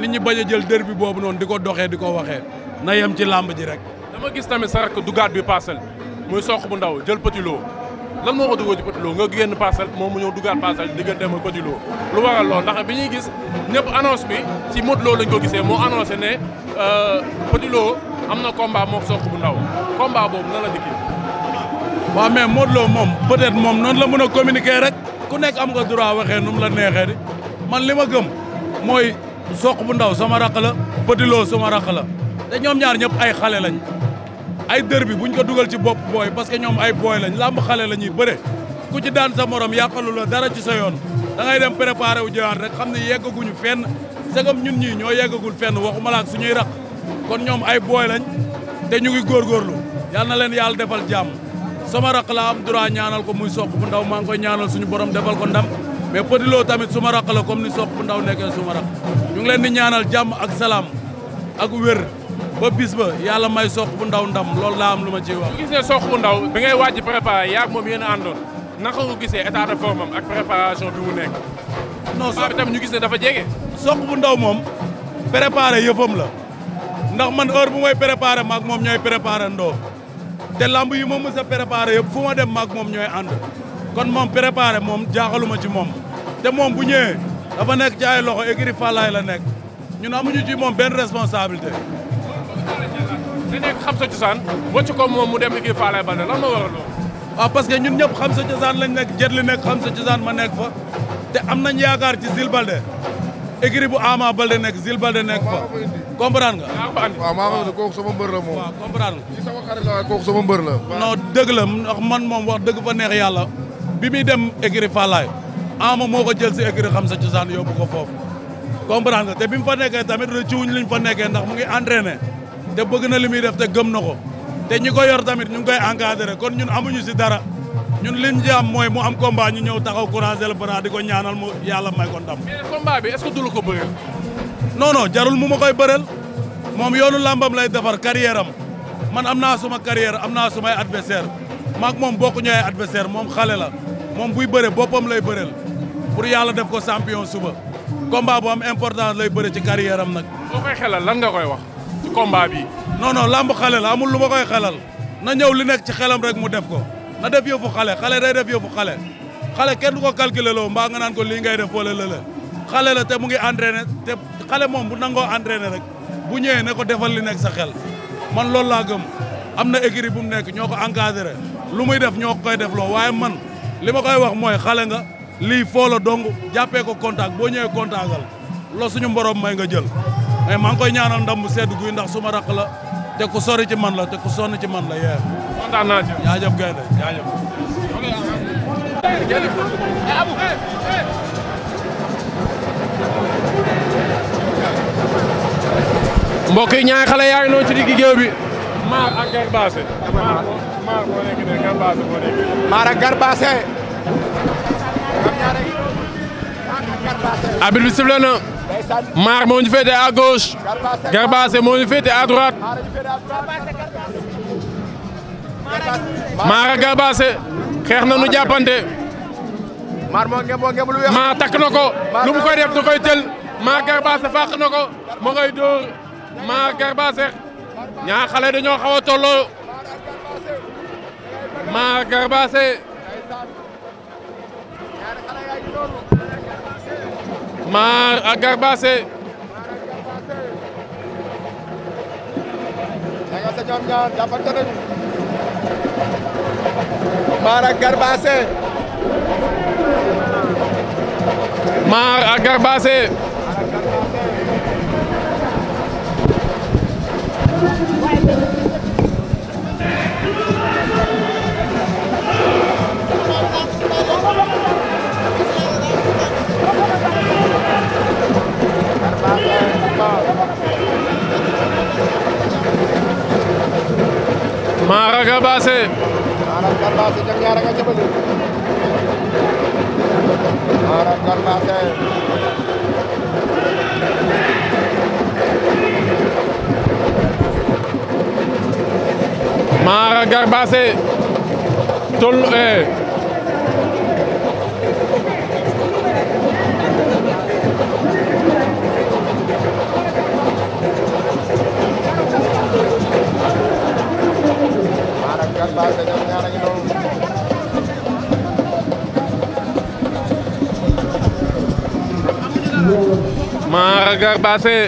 nit ñi bañ a jël dër bi boobu noonu di ko doxee di ko waxee na yem ci làmb ji rek. dama gis tamit sa rakk dugaat bi parcelle muy soq bu ndaw jël petit lot lan moo ko dugal ci petit lot nga génn parcelle moom mu ñëw dugaat parcelle diggante ma petit lot lu waral lool ndax bi ñuy gis ñëpp annonce bi ci Modou Lo lañ ko gisee moo annoncé ne euh, petit am na combat moo soq bu ndaw combat boobu nan la dikkee. waaw mais Modou Lo moom peut-être moom noonu la mën a communiquer rek ku nekk am nga droit waxee nu mu la neexee di man li ma gëm mooy. soq bu ndaw sama raq la Petit loo sama raq la te ñoom ñaar ñëpp ay xale lañ ay dër bi buñ ko dugal ci bopp booy parce que ñoom ay booy lañ làmb xale la bëre ku ci daan sa morom yàqalu la dara ci sa yoon da ngay dem préparé wu jëwaat rek xam ne yeggaguñu fenn segam ñun ñii ñoo yeggagul fenn waxumala ak suñuy raq kon ñoom ay booy lañ te ñu ngi góorgóorlu yal na leen yàlla defal jàmm sama raq laa am droit ñaanal ko muy soq bu ndaw maa ngi koy ñaanal suñu borom defal ko mais Petit Lo tamit suma rakk la comme ni Sokh bu ndaw nekkee suma rakk ñu ngi leen di ñaanal jàmm ak salaam ak wér ba bis ba yàlla may Sokh bu ndaw ndam loolu laa am lu ma ciy wax. bu gisee Sokh bu ndaw bi ngay waaj a préparé yaa moom yéen a àndoon naka nga gisee état de forme am ak préparation bi mu nek non Sokh bi tam ñu gis ne dafa jege. Sokh bu ndaw moom préparé yëfam la ndax man heure bu moy préparé maag moom ñooy préparé ndoo te lamb yi ma mës a préparé yëpp ma dem maag moom ñooy ànd kon moom préparé moom jaaxaluma ci moom. te moom bu ñëwee dafa nekk ci ay loxo écurie Fallaye la nekk ñun amuñu ci moom benn responsabilité. nga nekk xam sa cosaan moom mu dem écurie Fallaye Baldé lan moo waral parce que ñun ñëpp xam sa cosaan lañ nekk jët li nekk xam sa cosaan ma nekk fa te am nañ yaakaar ci Zil Baldé écurie bu Ama Baldé nekk Zil Baldé nekk fa. comprendre nga. waaw maa ngi kooku sama la moom. waaw comprendre la waaye kooku man moom wax dëgg fa neex yàlla bi muy dem écurie Fallaye ama moo ko jël si écurie xam sa cosaan yóbbu ko foofu comprendre nga te bi mu fa nekkee tamit rëccuwuñ liñ fa nekkee ndax mu ngi entraîné te bëgg na li muy def te gëm na ko te ñi ko yor tamit ñu ngi koy encadré kon ñun amuñu si dara ñun liñ jaam mooy mu am combat ñu ñëw taxaw courage le bras di ko ñaanal mu yàlla may ko ndam. mais bi est-ce que du ko bëreel. non jarul mu ma koy bëreel moom yoonu làmbam lay defar carrière man am naa suma carrière am naa sumay adversaire maak moom bokkuñu ay adversaire moom xale la moom buy bëre boppam lay bëreel. pour yàlla def ko champion suba combat bu am important lay bëre ci carrière am nag. boo koy xelal lan nga koy wax ci combat noonoo lamb non xale la amul lu ko koy xelal na ñëw li nekk ci xelam rek mu def ko na def yëfu xale xale day def yëfu xale xale kenn du ko calculer loo mbaa nga naan ko lii ngay def wala lële xale la te mu ngi entraîné te xale moom bu nangoo entraîné rek bu ñëwee ne ko defal li nekk sa xel man loolu laa gëm am na écurie bu mu nekk ñoo ko encadré lu muy def ñoo koy def loo waaye man li ma koy wax mooy xale nga. lii foo la dong jàppee ko contact boo ñëwee contactal loo suñu mborom may nga jël mais maa ngi koy ñaanal ndam bu sedd guy ndax suma raq la te ku sori ci man la te ku sonn man la yee. kontaan naa ci jaajëf xale yaa ngi ci digg géew bi. Maar ak Garbaase. arbitre bi sifflé na maar moo ñu féete à moo ñu féete maar ak xeex na nu jàppante maar takk na ko lu mu koy def du koy tël maar Garbassé fàq na ko ma ngay dóor maar Garbassé ñaar xale dañoo xaw maar Garbassé Maar ak Garbassé Garbassé ñoom ñaar jàppante nañu Maar ak Garbassé Maar ak Garbassé Maraga Basse Maraga Basse jag Yaraga Jabali Maraga Basse Maraga Basse tol eh base ñoom ñaar a ngi noonu Mara Garbassé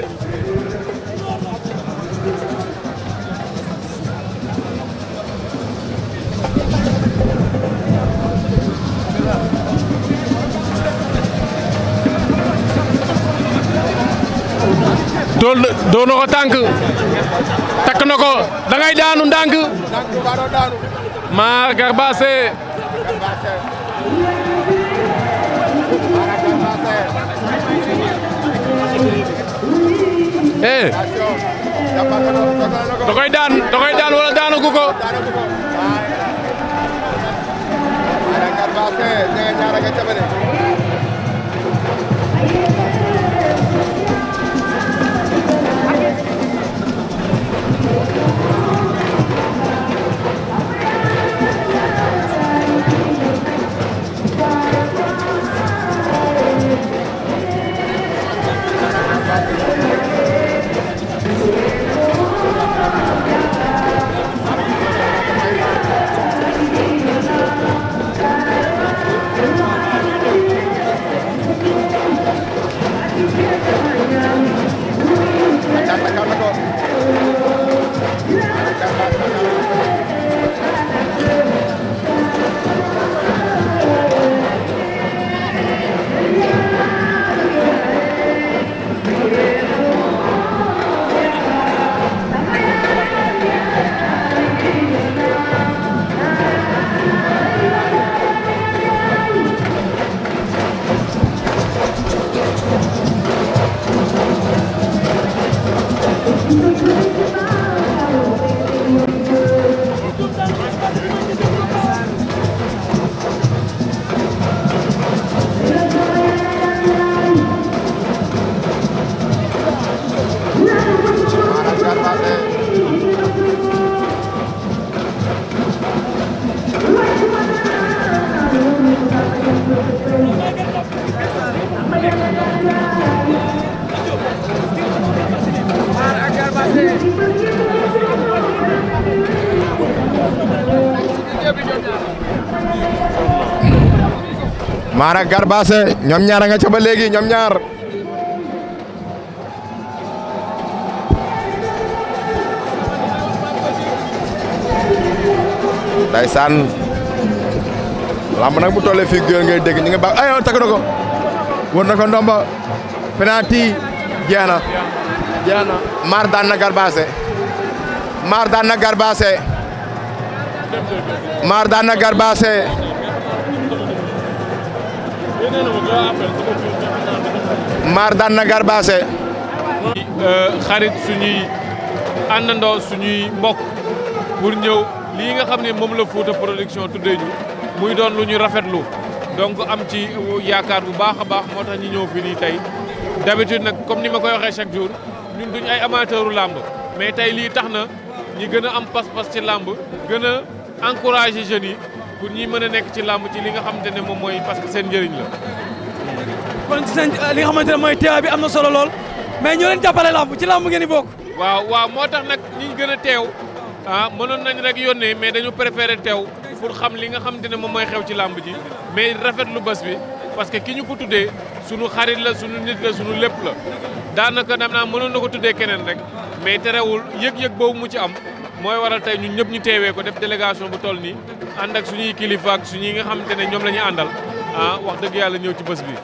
takk na ko daanu ndànk maar Garbassé eh da koy daan da koy daan wala daanagu ko Garbassé maar a Garbassé ñoom ñaar a nga ca ba léegi ñoom ñaar ndeysaan lamb nag bu tollee fii gën ngay dégg ba ayo takk na ko na ko ndomba penalty jeex na jeex na maar daan na Garbassé maar daan na Garbassé maar daan na Garbassé maar daan na garbaase euh, xarit suñuy àndandoo suñuy mbokk pour ñëw lii nga xam ne moom la Fouta production tuddee ñu muy doon lu ñu rafetlu donc am ci yaakaar bu baax a baax moo tax ñu ñëw fii nii tey d'habitude nag comme ni ma koy waxee chaque jour ñun duñ ay amateuru làmb mais tey lii tax na ñi gën a am pas-pas ci làmb gën a encourager jeunes yi pour ñi mën a nekk ci làmb ci li nga xamante ne moom mooy parce que seen njëriñ la. kon ci seen euh, li nga xamante ne mooy teewaay bi am na solo lool mais ñoo leen jàppale làmb ci làmb ngeen di bokk. waaw waaw moo tax nag ñi gën a teew ah mënoon nañ rek yónnee mais dañu préféré teew pour xam li nga xamante ne moom mooy xew ci làmb ji mais rafet lu bas bi parce que ki ñu ko tuddee sunu xarit la sunu nit la sunu lépp la daanaka dam naa mënoon na ko tuddee keneen rek mais terewul yëg-yëg boobu mu ci am mooy waral tey ñun ñëpp ñu teewee ko def délégation bu toll nii ànd ak suñuy kilifa ak suñuy nga xam ne ñoom la ñuy àndal ah wax dëgg yàlla ñëw ci bés bi.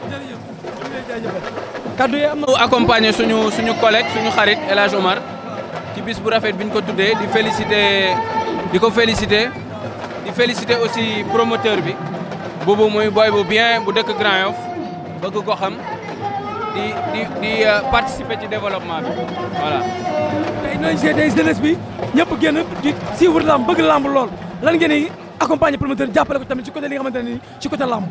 kaddu yi am na accompagner suñu suñu collègue suñu xarit El Hadj Omar ci bis bu rafet bi ñu ko tuddee di féliciter di ko féliciter di féliciter aussi promoteur bi boobu muy boy bu bien bu dëkk Grand Yoff bëgg ko xam di di di euh, participer ci développement bi voilà. tey nooy seetee jeunesse bi ñëpp génn di suivre lamb bëgg lamb lool lan ngeen accompagner promoteur jàppale ko tamit ci côté li nga ne nii ci côté làmb.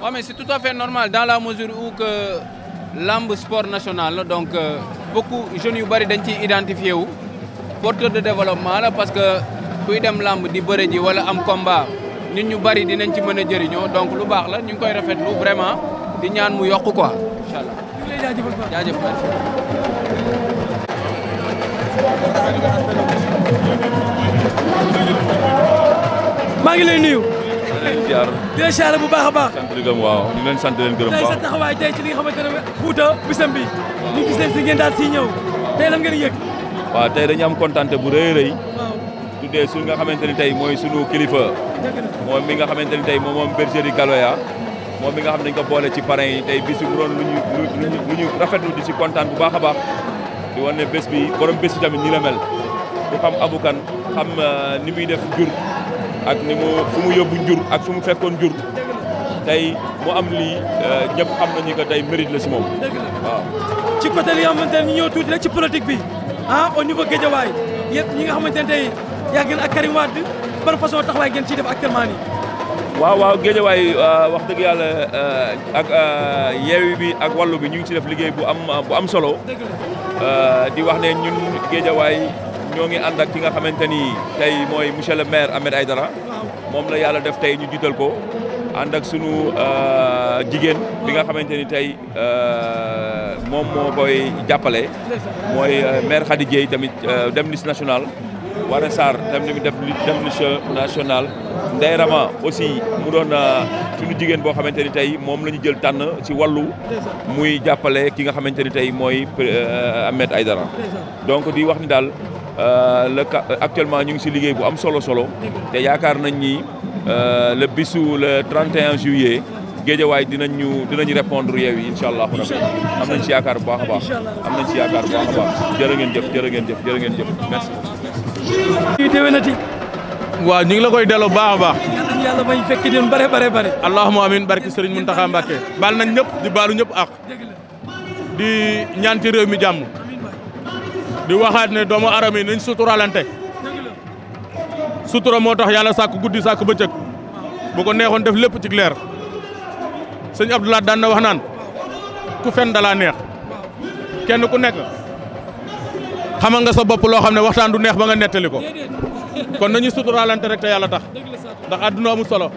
waaw mais c'est tout à fait normal dans la mesure où que làmb sport national donc euh, beaucoup jeunes yu bari dañ ciy identifié wu porteur de développement la parce que kuy dem làmb di bëre ji wala am combat nit ñu bari dinañ ci mën a jëriñoo donc lu baax la ñu ngi koy rafetlu vraiment di ñaan mu yokk quoi incha maa ngi lay nuyu. di bu baax a baax. sant gërëm waaw ñu leen sant leen gërëm. tey sa taxawaay tey ci li nga xamante ne Fouta bisam bi. ñu gis leen si ngeen daal si ñëw tey lan ngeen yëg. waaw tey dañu am kontaan bu rëy rëy. tuddee su nga xamante ni tey mooy sunu kilifa. moom mi nga xamante ni tey moom moom bergerie Galoya. moom mi nga xam dañ ko boole ci parrain tey bis bu doon ñu lu ñu rafetlu di si kontaan bu baax a baax. di wan ne bés bi borom bés bi tamit nii la mel. ku xam abukan xam euh, ni muy def ak ni mu fu mu yóbbu njur ak fu mu fekkoon njur tey mu am lii euh, ñëpp xam nañu que tey mérite la si moom waaw. ci côté li nga xamante ñëw tuuti rek ci politique bi ah au niveau Guédiawaye yéen ñi nga xamante ne tey yaa ngeen ak Karim Wade ban tax taxawaay ngeen ciy def actuellement yi waaw waaw Guédiawaye euh, wax dëgg yàlla euh, ak yeewi bi ak wàllu bi ñu ngi ci def liggéey bu am bu am solo. di wax ne ñun Guédiawaye. ñoo ngi ànd ak ki nga xamante ni tey mooy monsieur le maire Ahmed dara moom la yàlla def tey ñu jiital ko ànd ak sunu euh, jigéen bi nga xamante ni tey euh, moom moo koy jàppale mooy euh, maire Khady tamit dem liste nationale Waré Sarr tamit def dem liste nationale Ndeye aussi mu doon sunu jigéen boo xamante ni tey moom la ñu jël tànn si wàllu muy jàppale ki nga xamante ni tey mooy Ahmed Aïdara donc di wax ni daal Euh, le euh, actuellement ñu ngi si liggéey bu am solo solo te yaakaar nañ ni euh, le bisu le 31 juillet géejawaay dinañ ñu dinañ répondre yeew yi incha allah rabi am nañ si yaakaar bu baax a am nañ si yaakaar bu baax a baax jërë ngeen jëf jërë ngeen jëf jërë ngeen jëf merci. ñuy déwénati. waaw ñu ngi la koy delloo baax a baax. yàlla may fekk ñun bare bare bare. allahumma amiin barki sëriñ Muntaxa Mbàkke. baal nañ ñëpp di baalu ñëpp ak di ñaan ci réew mi jàmm. di waxaat ne doomu aadama yi nañ suturaalante sutura moo tax yàlla sàkk guddi sàkk bëccëg bu ko neexoon def lépp ci leer sëñ Abdoulaye daan na wax naan ku fen dala neex kenn ku nekk xamal nga sa bopp loo xam ne waxtaan du neex ba nga nettali ko kon nañu suturaalante rek te yàlla tax ndax àdduna amul solo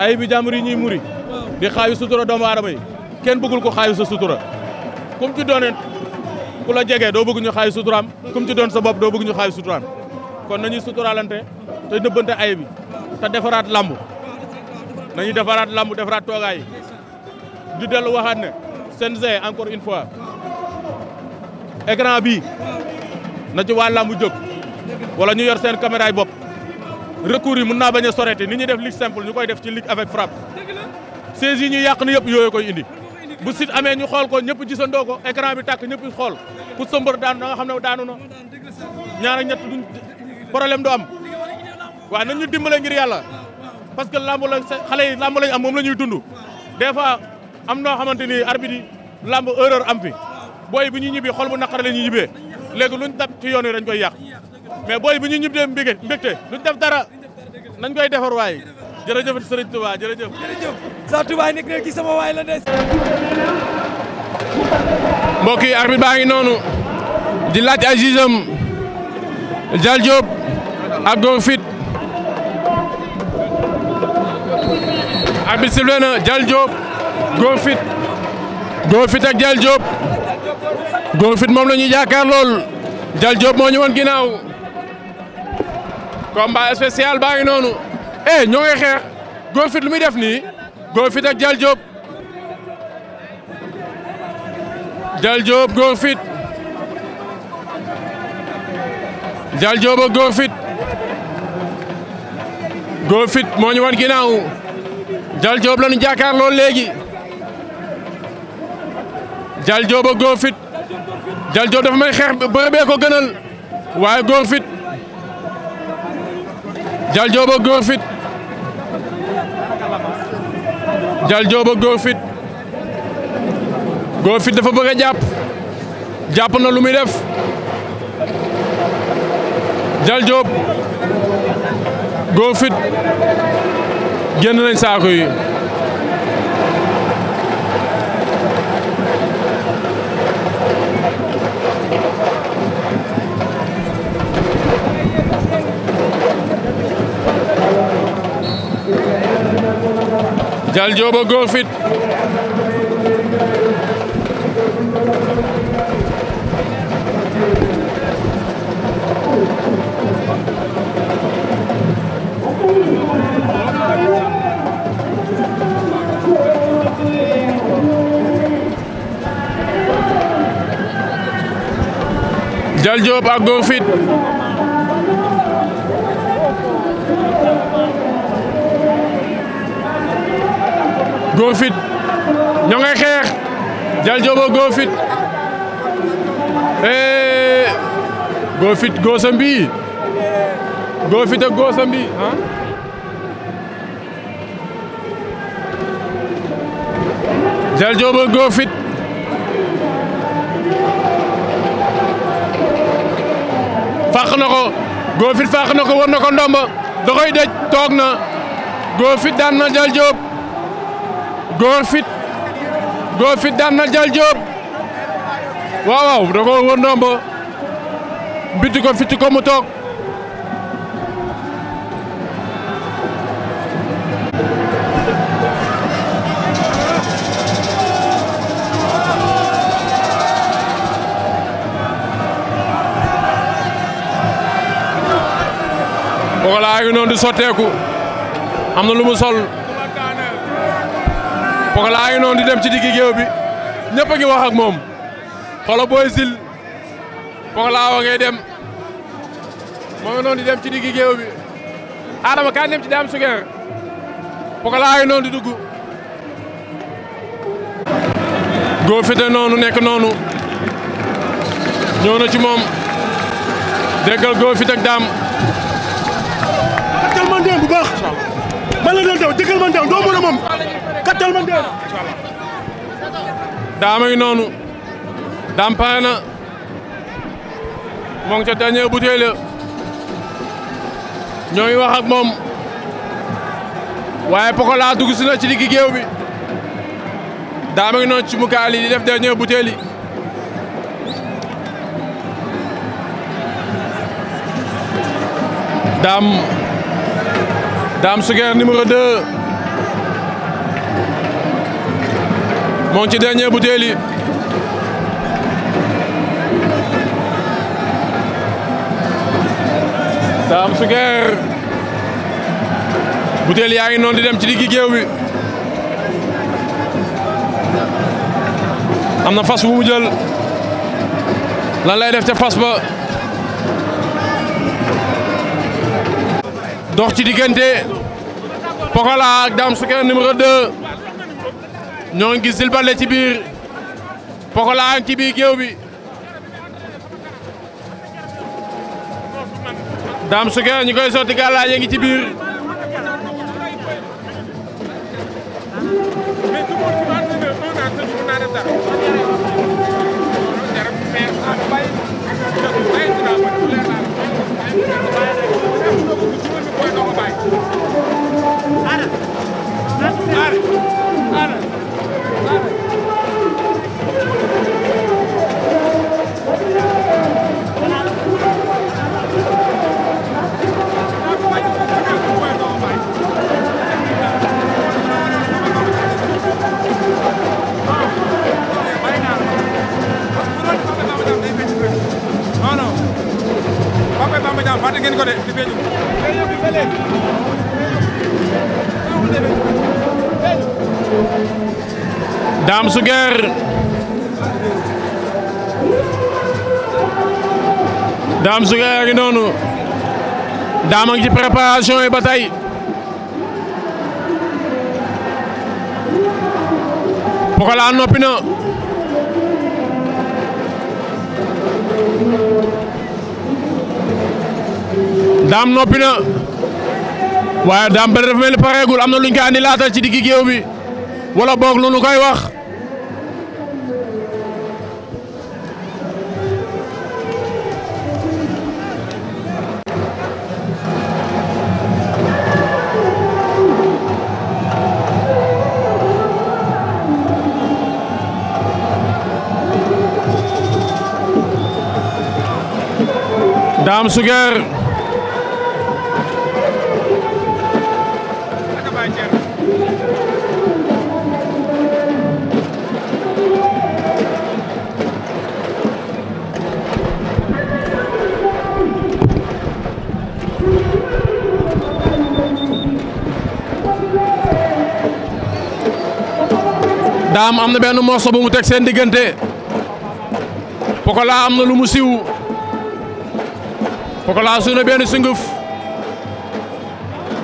ay bi jàmbur yi ñuy muri di xaayu sutura doomu arama yi kenn bëggul ko xaayu sa sutura kum ci dooneen ku la jegee doo bëgg ñu xaay suturaam kum ci doon sa bopp doo bëgg ñu xaay suturaam kon nañuy suturaalante te nëbbante ay bi te defaraat lamb nañu defaraat lamb defaraat toogaay yi dellu waxaat ne CNG encore une fois écran bii na ci waa lamb jóg wala ñu yor seen caméra bopp recours yi mën naa bañ a ni ñuy def ligue simple ñu koy def ci ligue avec frappe saisi yi ñuy yàq ni yëpp yooyu koy indi bu site amee ñu xool ko ñëpp gisandoo ko écran bi tàkk ñëpp xool ku sa mbër daanu da xam ne daanu na ñaar ak ñett duñ problème du am waa nañ ñu dimbale ngir yàlla parce que lamb la xale yi lamb lañ am moom la ñuy dund des fois am noo xamante ni arbitre yi lamb erreur am fi booy bi ñu ñibbi xool bu naqare la ñuy ñibbee léegi luñ dab ci yoon yi dañ koy yàq mais booy bi ñu ñibbee mbégte luñ def dara nañ koy defar waay jërëjëf Serigne Touba jërëjëf. jërëjëf sa Touba sama waay la des. mbokk ngi noonu di laaj ay jugeem Dial Diop ak Fit arbitre sifflé na Dial Diop Gor Fit Gor ak Dial Diop Gor Fit moom la jaakaar lool Dial Diop moo ñu woon ginnaaw combat spécial baa ngi noonu. eh ñoo xeex góor fit lu muy def nii góor fit ak Dial Diop Dial Diop góor fit Dial ak góor fit góor fit moo wan ginnaaw Dial Diop la ñu jàkkaar lool léegi Dial Diop ak góor fit Dial Diop dafa may xeex bëre ko gënal waaye góor fit Dial ak góor fit Dial Diop ak Go Fit dafa bëgg jàpp jàpp na lu muy def Dial Diop Go Fit nañ saako Dial Dioba Góor Fit Dial Dioba Fit góofit ñoo ngay xeex jal jooba góofit eh, góosa mbi góofit ak góosa mbi ah góofit fàq na ko góofit fàq na ko war na ko ndomba da koy toog na góofit daan na jal góor fit góor fit wër ndombo bitti ko fitti mu toog Pokola a ngi noonu di sotteeku am na lu mu sol Pokola ngi noonu di dem ci diggi géew bi ñëpp a ngi wax ak moom xolo Boy Jules Pokola wa ngay dem moo noonu di dem ci diggi géew bi Adama kan dem ci Dame Suger Pokola ngi noonu di dugg noonu nekk noonu ñëw na ci moom déggal góo daam. yàlla na dew jëkkal ngi noonu daam pare na moo ngi ca dernier bouteille la ñoo ngi wax ak moom waaye Pokola dugg si na ci diggi géew bi daama ngi noonu ci mukaal yi di def dernier bouteille yi daam Dame Suguer numéro 2 moo ngi ci dernier butéel yi Dame yaa ngi noonu di dem ci diggi géew am na fas bu mu jël lan lay def ca fas ba. dox ci diggante Pokola ak Dame Souguer numéro 2 ñoo ngi gis Jules ci biir Pokola ak ci biir géew bi Dame Souguer ñu koy sotti gàllaaj ngi ci biir Neymar. guerre Dame su guerre ngi noonu Dame a ci préparation yi ba tey Pokola noppi na Dame noppi na waaye Dame ba dafa mel ni pareegul am na lu ñu koy andi laatal ci diggi géew bi wala boog lu nu wax Thiam Souguer daam am na benn morso bu mu teg seen diggante Pokola am na lu mu siw Pokola suuna benn sunguf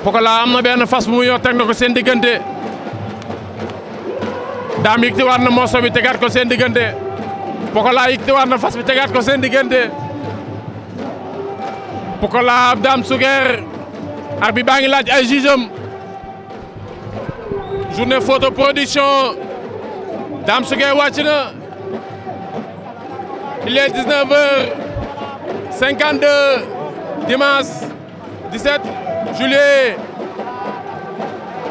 Pokola am na benn fas bu mu yor teg ko seen diggante daam yëkkatiwaat na mooso bi tegaat ko seen diggante Pokola yëkkatiwaat na fas bi tegaat ko seen diggante Pokola daam sugeer ar bi baa ngi laaj ay jugeem journée photo production daam sugeer wàcc na il est 19 52 dimanche 17 juillet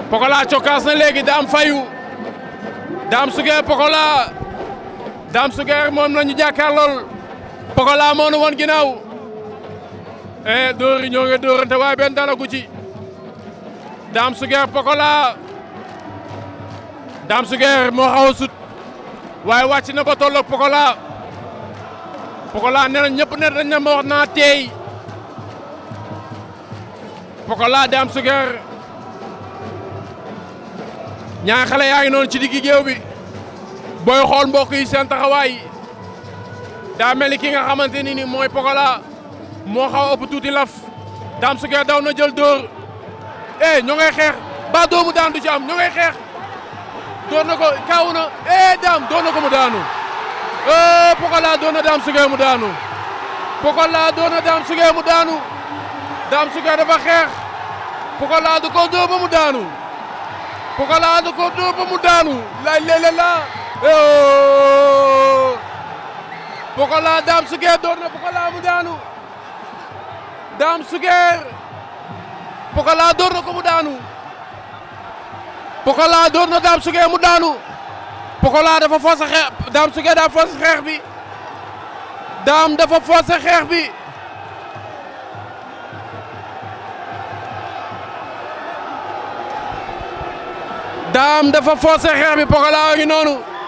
Pokola cokkaas na léegi Dame fayu Dame Suguer Pokola Dame Suguer moom la ñu jàkkaarlool Pokola moo nu woon ginnaaw eh dóor ñoo ngi dóorante waaye benn dalagu ci Dame Suguer Pokola Dame Suguer moo xaw waaye wàcc na ba Pokola. Pokola nee ñëpp ne dañ ne ma wax naa teey Pokola Dame Souguer ñaar xale yaa ngi noonu ci diggi géew bi booy xool mbokk yi seen taxawaay daa mel ni ki nga xamante ni ni mooy Pokola moo xaw ëpp tuuti laf Dame daw na jël dóor eh ñoo ngay xeex ba doomu daan du ci am ñoo ngay xeex dóor na ko kaaw na eh Dame dóor na ko mu daanu ee Pokola doon na mu daanu Pokola doon na Dame mu daanu Dame Sougué dafa xeex Pokola ko dóor mu daanu Pokola ko dóor mu daanu lay léeg-léeg laa eh, oh. Pokola Dame Sougué door mu daanu Dame Sougué Pokola door mu daanu Pokola door na Dame mu daanu Pokola dafa forcé xeex Dame Sougué daa forcé xeex bi Dame dafa forcé xeex xeex bi Pokola a ngi noonu